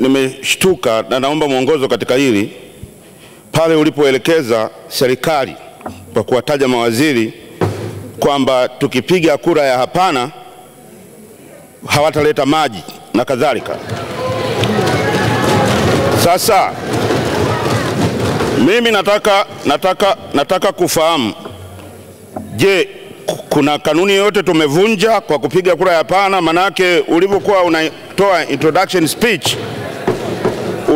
nimeshtuka na naomba mwongozo katika hili pale ulipoelekeza serikali kwa kuwataja mawaziri kwamba tukipiga kura ya hapana hawataleta maji na kadhalika. Sasa mimi nataka, nataka, nataka kufahamu, je, kuna kanuni yoyote tumevunja kwa kupiga kura ya hapana? Manake ulivyokuwa una kutoa introduction speech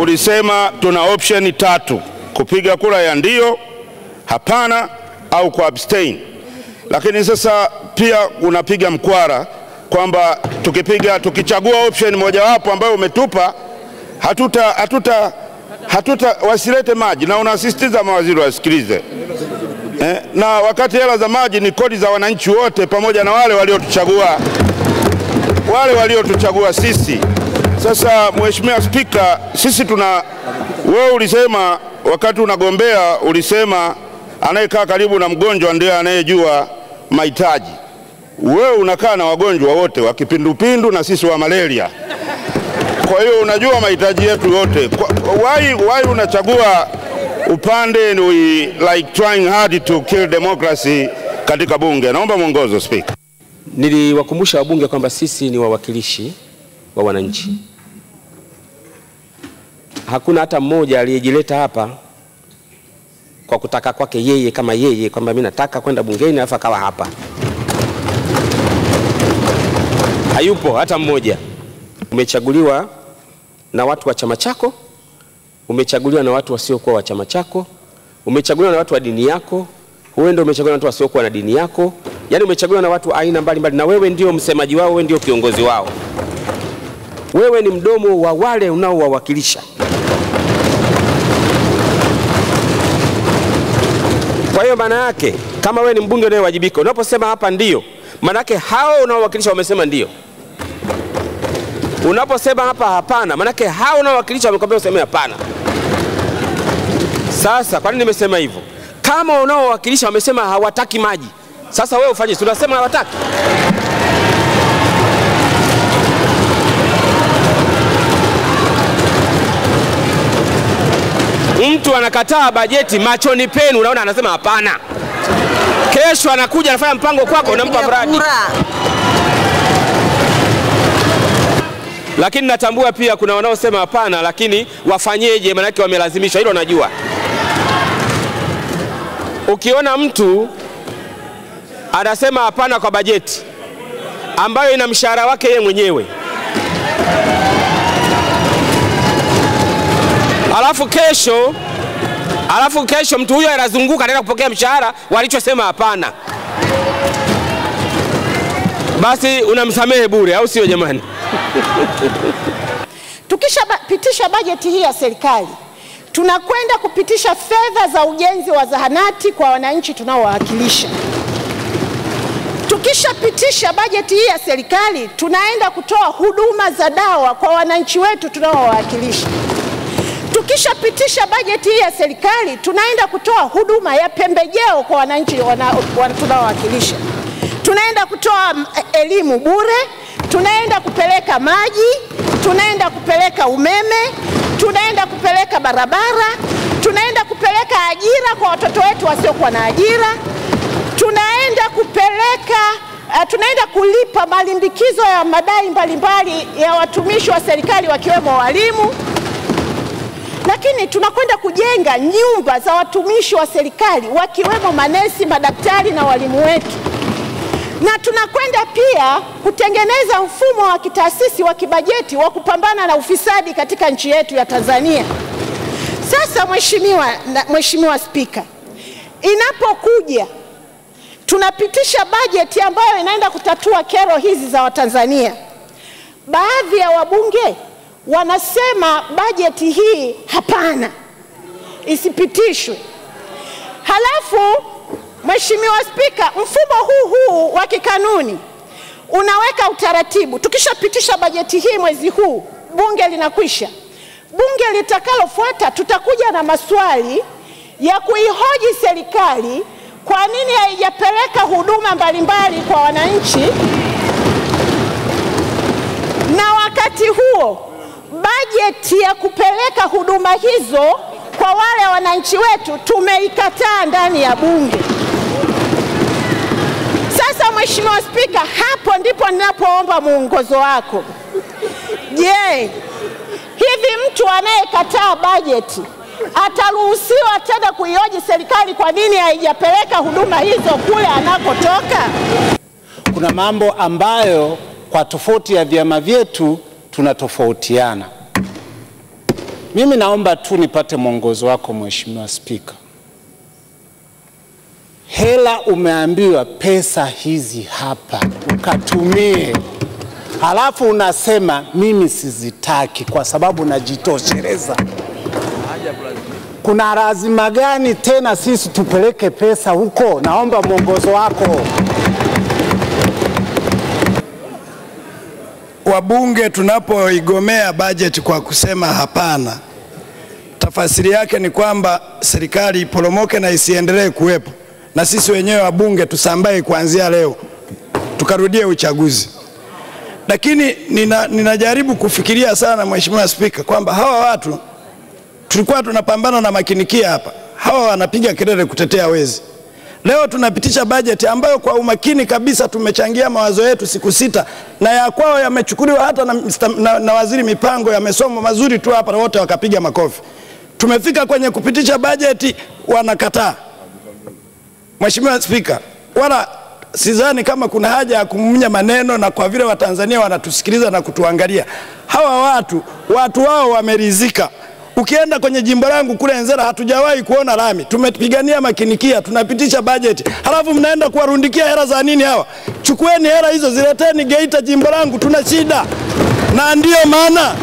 ulisema tuna option tatu: kupiga kura ya ndio, hapana au ku abstain. Lakini sasa pia unapiga mkwara kwamba tukipiga tukichagua option mojawapo ambayo umetupa hatuta, hatuta, hatuta wasilete maji, na unasisitiza mawaziri wasikilize eh, na wakati hela za maji ni kodi za wananchi wote pamoja na wale waliotuchagua wale waliotuchagua sisi. Sasa Mheshimiwa Spika, sisi tuna wewe ulisema wakati unagombea, ulisema anayekaa karibu na mgonjwa ndiye anayejua mahitaji. Wewe unakaa na wagonjwa wote wa kipindupindu na sisi wa malaria, kwa hiyo unajua mahitaji yetu yote. Why, why unachagua upande? ni like trying hard to kill democracy katika bunge. Naomba mwongozo, Spika. Niliwakumbusha wabunge kwamba sisi ni wawakilishi wa wananchi. Hakuna hata mmoja aliyejileta hapa kwa kutaka kwake yeye kama yeye kwamba mimi nataka kwenda bungeni alafu akawa hapa. Hayupo hata mmoja. Umechaguliwa na watu wa chama chako, umechaguliwa na watu wasiokuwa wa chama chako, umechaguliwa na watu wa dini yako, wewe ndio umechaguliwa na watu wasiokuwa na dini yako, yaani umechaguliwa na watu aina mbalimbali, na wewe ndio msemaji wao, wewe ndio kiongozi wao, wewe ni mdomo wa wale unaowawakilisha. Kwa hiyo maana yake kama wewe ni mbunge unayewajibika, unaposema hapa ndio, maana yake hao unaowakilisha wamesema ndio. Unaposema hapa hapana, maana yake hao unaowakilisha wamekwambia useme hapana. Sasa kwa nini nimesema hivyo? kama unaowakilisha wamesema hawataki maji, sasa wewe ufanye, tunasema hawataki mtu anakataa bajeti machoni penu, unaona anasema hapana. Kesho anakuja anafanya mpango kwako, unampa mradi. Lakini natambua pia kuna wanaosema hapana, lakini wafanyeje? Maanake wamelazimishwa, hilo najua. Ukiona mtu anasema hapana kwa bajeti ambayo ina mshahara wake yeye mwenyewe, alafu kesho alafu kesho mtu huyo anazunguka anaenda kupokea mshahara walichosema hapana, basi unamsamehe bure, au sio jamani? Tukishapitisha bajeti hii ya serikali Tunakwenda kupitisha fedha za ujenzi wa zahanati kwa wananchi tunaowawakilisha. Tukishapitisha bajeti hii ya serikali, tunaenda kutoa huduma za dawa kwa wananchi wetu tunaowawakilisha. Tukishapitisha bajeti hii ya serikali, tunaenda kutoa huduma ya pembejeo kwa wananchi tunaowawakilisha. tunaowakilisha. Tunaenda kutoa eh, elimu bure, tunaenda kupeleka maji, tunaenda kupeleka umeme, tunaenda kupeleka barabara, tunaenda kupeleka ajira kwa watoto wetu wasiokuwa na ajira, tunaenda kupeleka uh, tunaenda kulipa malimbikizo ya madai mbalimbali ya watumishi wa serikali wakiwemo walimu, lakini tunakwenda kujenga nyumba za watumishi wa serikali wakiwemo manesi, madaktari na walimu wetu na tunakwenda pia kutengeneza mfumo wa kitaasisi wa kibajeti wa kupambana na ufisadi katika nchi yetu ya Tanzania. Sasa mheshimiwa, mheshimiwa Spika, inapokuja tunapitisha bajeti ambayo inaenda kutatua kero hizi za Watanzania, baadhi ya wabunge wanasema bajeti hii hapana, isipitishwe halafu Mheshimiwa Spika, mfumo huu huu wa kikanuni unaweka utaratibu, tukishapitisha bajeti hii mwezi huu, bunge linakwisha. Bunge litakalofuata tutakuja na maswali ya kuihoji serikali kwa nini haijapeleka huduma mbalimbali kwa wananchi, na wakati huo bajeti ya kupeleka huduma hizo kwa wale wananchi wetu tumeikataa ndani ya bunge. Mheshimiwa Spika, hapo ndipo ninapoomba mwongozo wako. Je, yeah. hivi mtu anayekataa bajeti ataruhusiwa tena kuioji serikali kwa nini haijapeleka huduma hizo kule anakotoka? Kuna mambo ambayo kwa tofauti ya vyama vyetu tunatofautiana. Mimi naomba tu nipate mwongozo wako Mheshimiwa Spika hela umeambiwa pesa hizi hapa ukatumie, halafu unasema mimi sizitaki kwa sababu najitosheleza. Kuna lazima gani tena sisi tupeleke pesa huko? Naomba mwongozo wako. Wabunge tunapoigomea bajeti kwa kusema hapana, tafasiri yake ni kwamba serikali iporomoke na isiendelee kuwepo na sisi wenyewe wabunge tusambae kuanzia leo tukarudie uchaguzi. Lakini nina, ninajaribu kufikiria sana Mheshimiwa Spika kwamba hawa watu tulikuwa tunapambana na makinikia hapa, hawa wanapiga kelele kutetea wezi. Leo tunapitisha bajeti ambayo kwa umakini kabisa tumechangia mawazo yetu siku sita, na ya kwao yamechukuliwa hata na, na, na waziri mipango, yamesomwa mazuri tu hapa, wote wakapiga makofi. Tumefika kwenye kupitisha bajeti wanakataa. Mheshimiwa Spika, wala sidhani kama kuna haja ya kumunya maneno, na kwa vile Watanzania wanatusikiliza na kutuangalia, hawa watu watu wao wamerizika Ukienda kwenye jimbo langu kule Nzera, hatujawahi kuona lami. Tumepigania makinikia, tunapitisha bajeti, halafu mnaenda kuwarundikia hela za nini hawa? Chukueni hela hizo, zileteni Geita, jimbo langu tuna shida, na ndiyo maana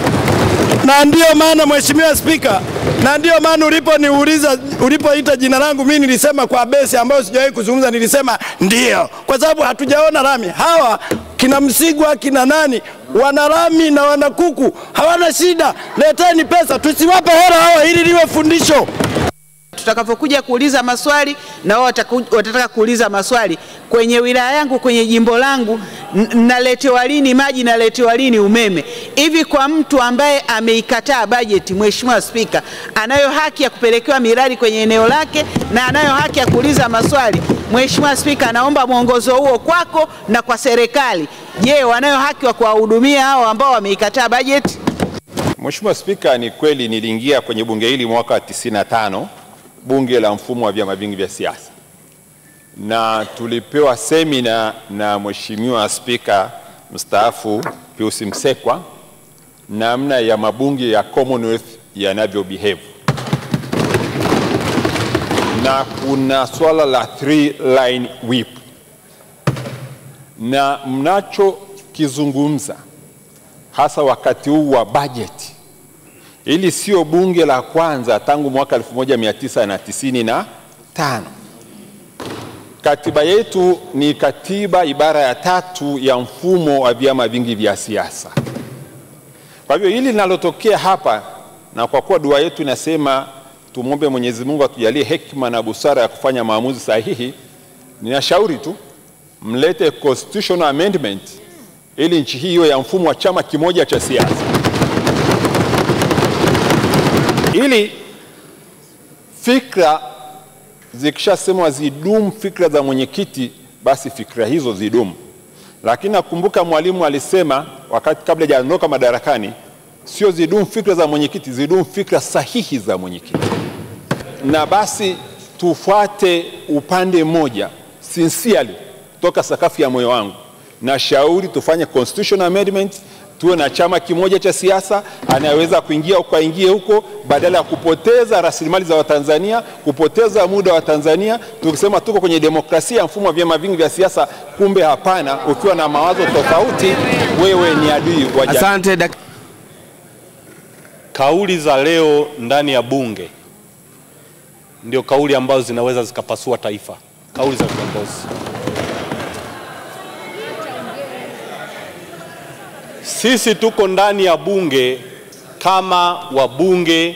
na ndiyo maana Mheshimiwa Spika, na ndiyo maana uliponiuliza, ulipoita jina langu, mimi nilisema kwa besi ambayo sijawahi kuzungumza, nilisema ndiyo, kwa sababu hatujaona lami. Hawa kina Msigwa kina nani wana lami na wana kuku, hawana shida. Leteni pesa, tusiwape hela hawa, ili liwe fundisho tutakapokuja kuuliza maswali na wao watataka kuuliza maswali kwenye wilaya yangu, kwenye jimbo langu, naletewa lini maji, naletewa lini umeme? Hivi kwa mtu ambaye ameikataa bajeti, Mheshimiwa Spika, anayo haki ya kupelekewa miradi kwenye eneo lake na anayo haki ya kuuliza maswali. Mheshimiwa Spika, naomba mwongozo huo kwako na kwa serikali. Je, wanayo haki wa kuwahudumia hao ambao wameikataa bajeti? Mheshimiwa Spika, ni kweli niliingia kwenye bunge hili mwaka 95 bunge la mfumo wa vyama vingi vya siasa na tulipewa semina na Mheshimiwa Spika mstaafu Pius Msekwa namna ya mabunge ya Commonwealth behave na kuna swala la three line whip, na mnachokizungumza hasa wakati huu wa budget, ili sio bunge la kwanza tangu mwaka 1995 Katiba yetu ni katiba ibara ya tatu ya mfumo wa vyama vingi vya siasa. Kwa hivyo hili linalotokea hapa, na kwa kuwa dua yetu inasema tumwombe Mwenyezi Mungu atujalie hekima na busara ya kufanya maamuzi sahihi, ninashauri tu mlete constitutional amendment ili nchi hii iwe ya mfumo wa chama kimoja cha siasa, ili fikra zikishasemwa zidumu fikra za mwenyekiti, basi fikra hizo zidumu. Lakini nakumbuka mwalimu alisema wakati kabla hajaondoka madarakani, sio zidumu fikra za mwenyekiti, zidumu fikra sahihi za mwenyekiti. Na basi tufuate upande mmoja sincerely, toka sakafu ya moyo wangu, na shauri tufanye constitutional amendment tuwe na chama kimoja cha siasa, anayeweza kuingia aingie huko, badala ya kupoteza rasilimali za Watanzania, kupoteza muda wa Tanzania tukisema tuko kwenye demokrasia ya mfumo wa vyama vingi vya siasa, kumbe hapana. Ukiwa na mawazo tofauti, wewe ni adui wa jamii. Asante dak kauli za leo ndani ya bunge ndio kauli ambazo zinaweza zikapasua taifa, kauli za viongozi. Sisi tuko ndani ya bunge kama wabunge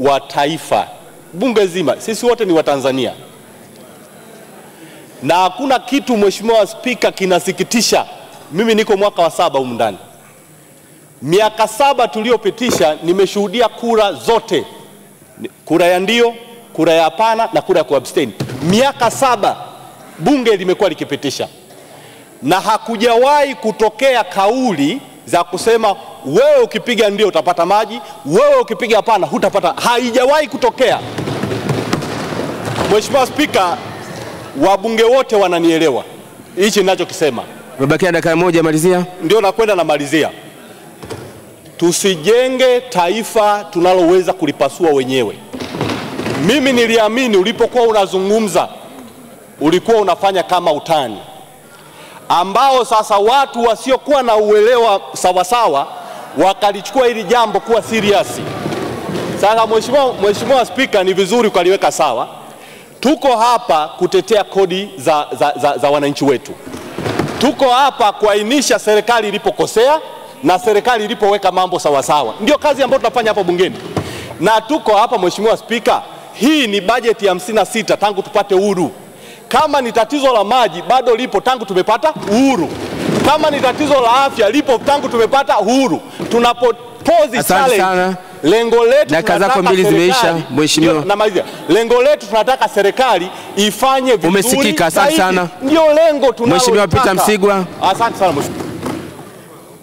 wa taifa, bunge zima, sisi wote ni Watanzania, na hakuna kitu Mheshimiwa Spika kinasikitisha. Mimi niko mwaka wa saba humu ndani, miaka saba tuliyopitisha nimeshuhudia kura zote, kura ya ndio, kura ya hapana na kura ya kuabstain. Miaka saba bunge limekuwa likipitisha, na hakujawahi kutokea kauli za kusema wewe ukipiga ndio utapata maji, wewe ukipiga hapana hutapata. Haijawahi kutokea. Mheshimiwa Spika, wabunge wote wananielewa hichi ninachokisema. Umebakia dakika moja, malizia. Ndio nakwenda malizia Tusijenge taifa tunaloweza kulipasua wenyewe. Mimi niliamini ulipokuwa unazungumza ulikuwa unafanya kama utani ambao sasa watu wasiokuwa na uelewa sawasawa wakalichukua hili jambo kuwa serious. Sasa mheshimiwa, mheshimiwa Spika, ni vizuri ukaliweka sawa. Tuko hapa kutetea kodi za, za, za, za wananchi wetu, tuko hapa kuainisha serikali ilipokosea na serikali ilipoweka mambo sawasawa. Ndio kazi ambayo tunafanya hapa bungeni, na tuko hapa mheshimiwa Spika, hii ni bajeti ya sita tangu tupate uhuru kama ni tatizo la maji bado lipo tangu tumepata uhuru, kama ni tatizo la afya lipo tangu tumepata uhuru. Tunapopozi challenge, lengo letu tunataka mbili zimeisha, mheshimiwa, namalizia. Lengo letu tunataka serikali ifanye vizuri. Umesikika, asante sana, ndio lengo tunalo. Mheshimiwa Peter Msigwa, asante sana mheshimiwa.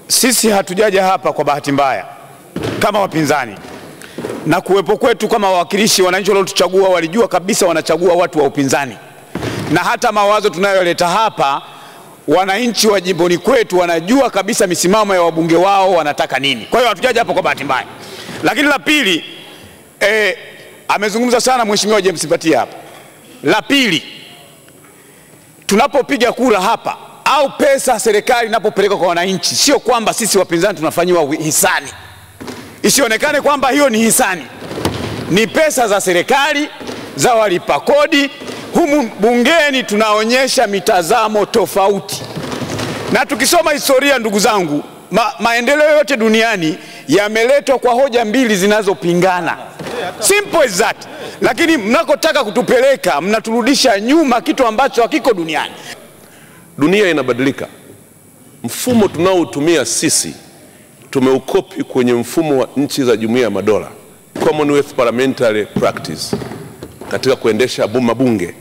Sisi hatujaja hapa kwa bahati mbaya kama wapinzani na kuwepo kwetu kama wawakilishi, wananchi waliotuchagua walijua kabisa wanachagua watu wa upinzani na hata mawazo tunayoleta hapa, wananchi wa jimboni kwetu wanajua kabisa misimamo ya wabunge wao wanataka nini. Kwa hiyo hatujaja hapo kwa bahati mbaya. Lakini la pili e, amezungumza sana mheshimiwa James Patia hapa. La pili, tunapopiga kura hapa au pesa serikali inapopelekwa kwa wananchi, sio kwamba sisi wapinzani tunafanyiwa hisani, isionekane kwamba hiyo ni hisani. Ni pesa za serikali, za walipa kodi, Humu bungeni tunaonyesha mitazamo tofauti, na tukisoma historia, ndugu zangu, ma, maendeleo yote duniani yameletwa kwa hoja mbili zinazopingana, simple as that. Lakini mnakotaka kutupeleka mnaturudisha nyuma, kitu ambacho hakiko duniani. Dunia inabadilika, mfumo tunaoutumia sisi tumeukopi kwenye mfumo wa nchi za Jumuiya ya Madola, Commonwealth Parliamentary Practice katika kuendesha mabunge.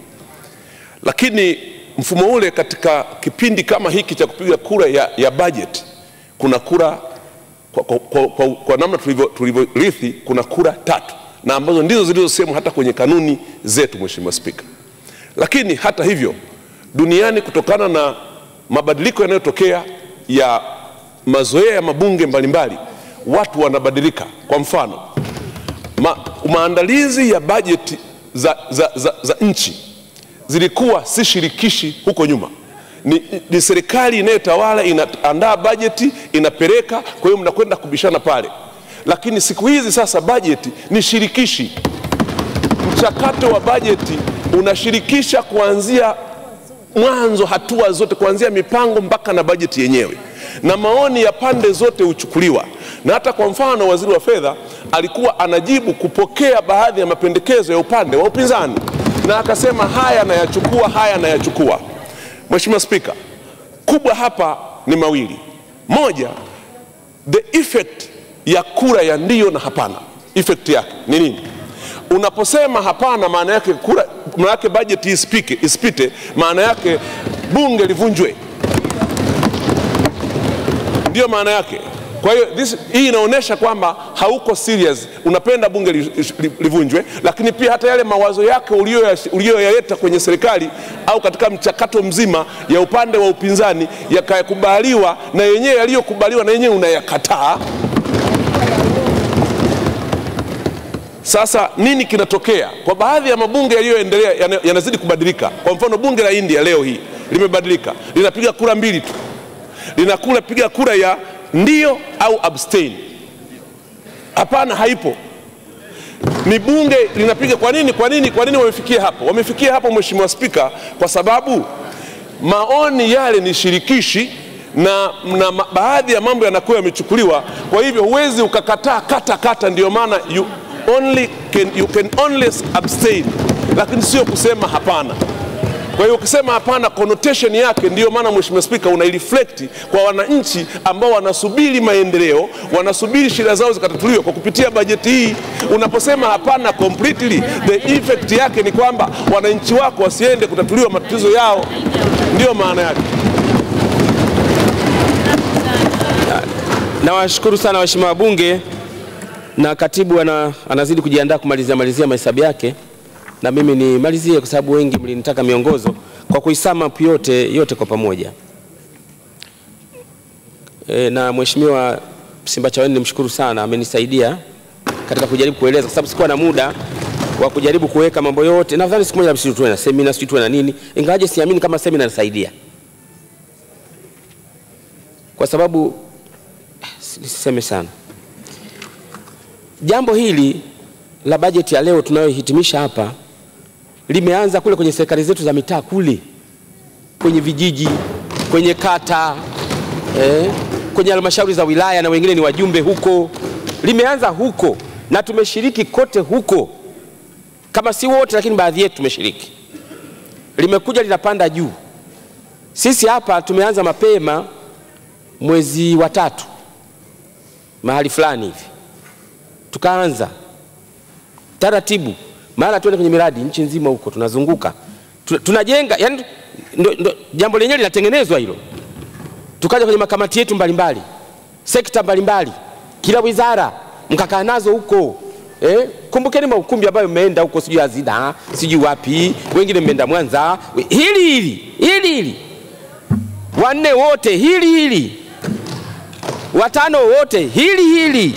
Lakini mfumo ule katika kipindi kama hiki cha kupiga kura ya, ya budget, kuna kura kwa, kwa, kwa, kwa, kwa namna tulivyorithi, kuna kura tatu na ambazo ndizo zilizosemwa hata kwenye kanuni zetu, Mheshimiwa Spika. Lakini hata hivyo, duniani kutokana na mabadiliko yanayotokea ya mazoea ya mabunge mbalimbali mbali, watu wanabadilika. Kwa mfano ma, maandalizi ya bajeti za, za, za, za nchi zilikuwa si shirikishi huko nyuma ni, ni serikali inayotawala inaandaa bajeti inapeleka kwa hiyo mnakwenda kubishana pale lakini siku hizi sasa bajeti ni shirikishi mchakato wa bajeti unashirikisha kuanzia mwanzo hatua zote kuanzia mipango mpaka na bajeti yenyewe na maoni ya pande zote huchukuliwa na hata kwa mfano waziri wa fedha alikuwa anajibu kupokea baadhi ya mapendekezo ya upande wa upinzani na akasema haya nayachukua, haya nayachukua. Mheshimiwa Spika, kubwa hapa ni mawili. Moja, the effect ya kura ya ndio na hapana, effect yake ni nini? Unaposema hapana, maana yake kura, maana yake budget isipike, isipite, maana yake bunge livunjwe, ndiyo maana yake. Kwa hiyo hii inaonyesha kwamba hauko serious, unapenda bunge li, li, livunjwe, lakini pia hata yale mawazo yake uliyoyaleta kwenye serikali au katika mchakato mzima ya upande wa upinzani yakakubaliwa na yenyewe, yaliyokubaliwa na yenyewe unayakataa. Sasa nini kinatokea kwa baadhi ya mabunge yaliyoendelea yanazidi yana kubadilika. Kwa mfano bunge la India leo hii limebadilika, linapiga kura mbili tu, linapiga kura ya ndio au abstain. Hapana, haipo. Ni bunge linapiga. Kwa nini? Kwa nini? Kwa nini wamefikia hapo? Wamefikia hapo, Mheshimiwa Spika, kwa sababu maoni yale ni shirikishi na, na baadhi ya mambo yanakuwa yamechukuliwa. Kwa hivyo huwezi ukakataa kata kata, ndio maana you only can, you can only abstain, lakini sio kusema hapana. Kwa hiyo ukisema hapana, connotation yake, ndiyo maana Mheshimiwa Spika, reflect kwa wananchi ambao wanasubiri maendeleo, wanasubiri shida zao zikatatuliwa kwa kupitia bajeti hii. Unaposema hapana completely, the effect yake ni kwamba wananchi wako wasiende kutatuliwa matatizo yao, ndiyo maana yake. Nawashukuru washukuru sana waheshimiwa wabunge, na katibu ana, anazidi kujiandaa kumalizia malizia mahesabu yake na mimi nimalizie, kwa sababu wengi mlinitaka miongozo, kwa kuisama yote yote kwa pamoja e, na Mheshimiwa Simbachaweni nimshukuru sana, amenisaidia katika kujaribu kueleza, kwa sababu sikuwa na muda wa kujaribu kuweka mambo yote. Nadhani siku moja msitu tuwe na semina, sisi tuwe na nini, ingawaje siamini kama semina inasaidia, kwa sababu nisiseme sana jambo hili la bajeti ya leo tunayohitimisha hapa limeanza kule kwenye serikali zetu za mitaa kule kwenye vijiji, kwenye kata eh, kwenye halmashauri za wilaya na wengine ni wajumbe huko, limeanza huko na tumeshiriki kote huko, kama si wote, lakini baadhi yetu tumeshiriki. Limekuja linapanda juu. Sisi hapa tumeanza mapema mwezi wa tatu mahali fulani hivi, tukaanza taratibu maana tuende kwenye miradi nchi nzima huko tunazunguka tunajenga yani, ndo, ndo, jambo lenyewe linatengenezwa hilo. Tukaja kwenye makamati yetu mbalimbali mbali, sekta mbalimbali kila wizara mkakaa nazo huko eh? Kumbukeni maukumbi ambayo mmeenda huko, sijui Azida, sijui wapi, wengine mmeenda Mwanza, hili hili hili hili, wanne wote hili hili, watano wote hili hili,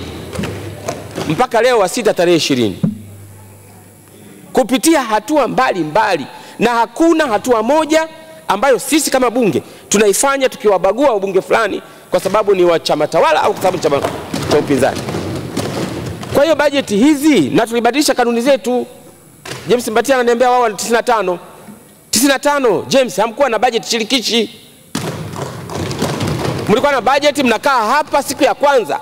mpaka leo wa sita tarehe ishirini kupitia hatua mbalimbali mbali. na hakuna hatua moja ambayo sisi kama bunge tunaifanya tukiwabagua wabunge fulani kwa sababu ni wa chama tawala au kwa sababu chama cha upinzani. Kwa hiyo bajeti hizi na tulibadilisha kanuni zetu. James Mbatia ananiambia wao 95 95. James, hamkuwa na bajeti shirikishi, mlikuwa na bajeti mnakaa hapa siku ya kwanza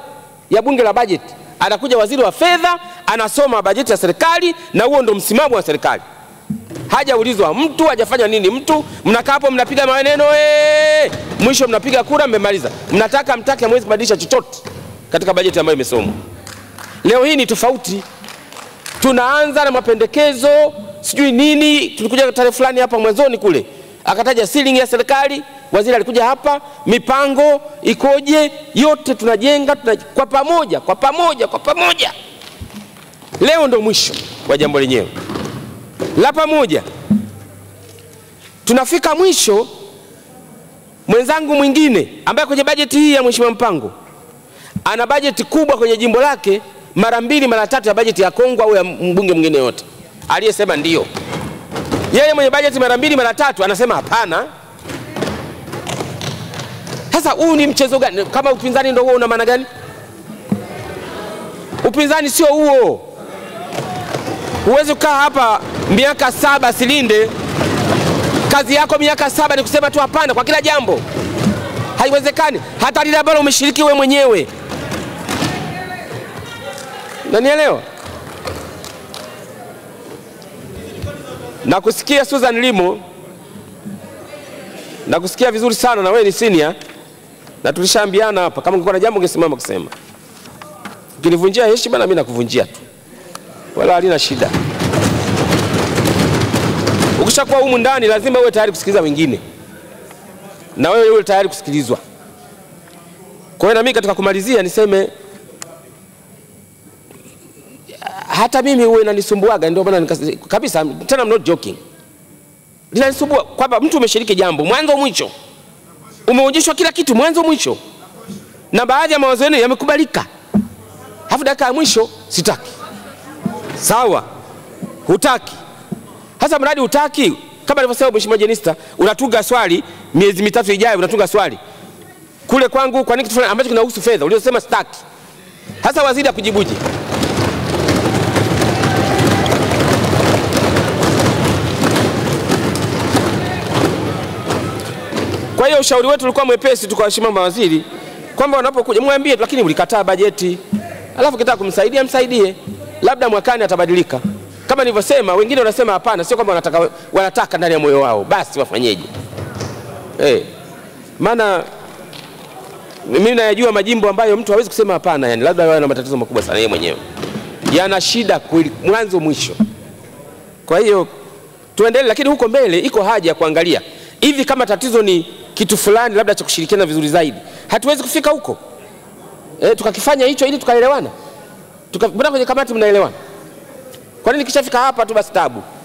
ya bunge la bajeti, anakuja waziri wa fedha anasoma bajeti ya serikali, na huo ndo msimamo wa serikali. Hajaulizwa mtu, hajafanya nini mtu. Mnakaa hapo mnapiga maneno ee, mwisho mnapiga kura, mmemaliza. Mnataka mtake, hamwezi kubadilisha chochote katika bajeti ambayo imesomwa. Leo hii ni tofauti, tunaanza na mapendekezo sijui nini. Tulikuja tarehe fulani hapa mwanzoni kule, akataja ceiling ya serikali waziri alikuja hapa, mipango ikoje, yote tunajenga tuna, kwa pamoja kwa pamoja kwa pamoja. Leo ndo mwisho wa jambo lenyewe la pamoja. Tunafika mwisho, mwenzangu mwingine ambaye kwenye bajeti hii ya Mheshimiwa Mpango ana bajeti kubwa kwenye jimbo lake mara mbili mara tatu ya bajeti ya Kongwa au ya mbunge mwingine yote aliyesema ndio. Yeye mwenye bajeti mara mbili mara tatu anasema hapana. Sasa huu ni mchezo gani? Kama upinzani ndio huo, una maana gani? Upinzani sio huo. Huwezi kukaa hapa miaka saba Silinde, kazi yako miaka saba ni kusema tu hapana kwa kila jambo. Haiwezekani, hata lile ambalo umeshiriki wewe mwenyewe. Nanielewa? nakusikia Susan Limo, nakusikia vizuri sana, na wewe ni senior na tulishaambiana hapa, kama ungekuwa na jambo ungesimama kusema. Ukinivunjia heshima na mimi nakuvunjia tu wala halina shida. Ukishakuwa humu ndani, lazima uwe tayari kusikiliza wengine na wewe uwe tayari kusikilizwa. Kwa hiyo na mimi katika kumalizia niseme hata mimi huwa inanisumbuaga, ndio maana kabisa, tena I'm not joking, linanisumbua kwamba mtu umeshiriki jambo mwanzo mwisho, umeonyeshwa kila kitu mwanzo mwisho, na baadhi ya mawazo yenu yamekubalika, halafu dakika ya mwisho sitaki sawa, hutaki. Hasa mradi hutaki, kama alivyosema Mheshimiwa Jenista, unatunga swali miezi mitatu ijayo, unatunga swali kule kwangu, kwa nini kitu ambacho kinahusu fedha uliosema sitaki? Hasa waziri akujibuje? Kwa hiyo ushauri wetu ulikuwa mwepesi tu kwa mawaziri kwamba wanapokuja mwambie, lakini ulikataa bajeti, alafu kitaka kumsaidia msaidie labda mwakani atabadilika. Kama nilivyosema, wengine wanasema hapana, sio kwamba wanataka, wanataka ndani ya moyo wao, basi wafanyeje? Hey, eh. maana mimi nayajua majimbo ambayo mtu hawezi kusema hapana, yani labda yana matatizo makubwa sana yeye mwenyewe, yana shida kweli mwanzo mwisho. Kwa hiyo tuendelee, lakini huko mbele iko haja ya kuangalia hivi kama tatizo ni kitu fulani labda cha kushirikiana vizuri zaidi, hatuwezi kufika huko e, tukakifanya hicho ili tukaelewana. Mbona kwenye kamati mnaelewana? Kwa nini kishafika hapa tu basi tabu?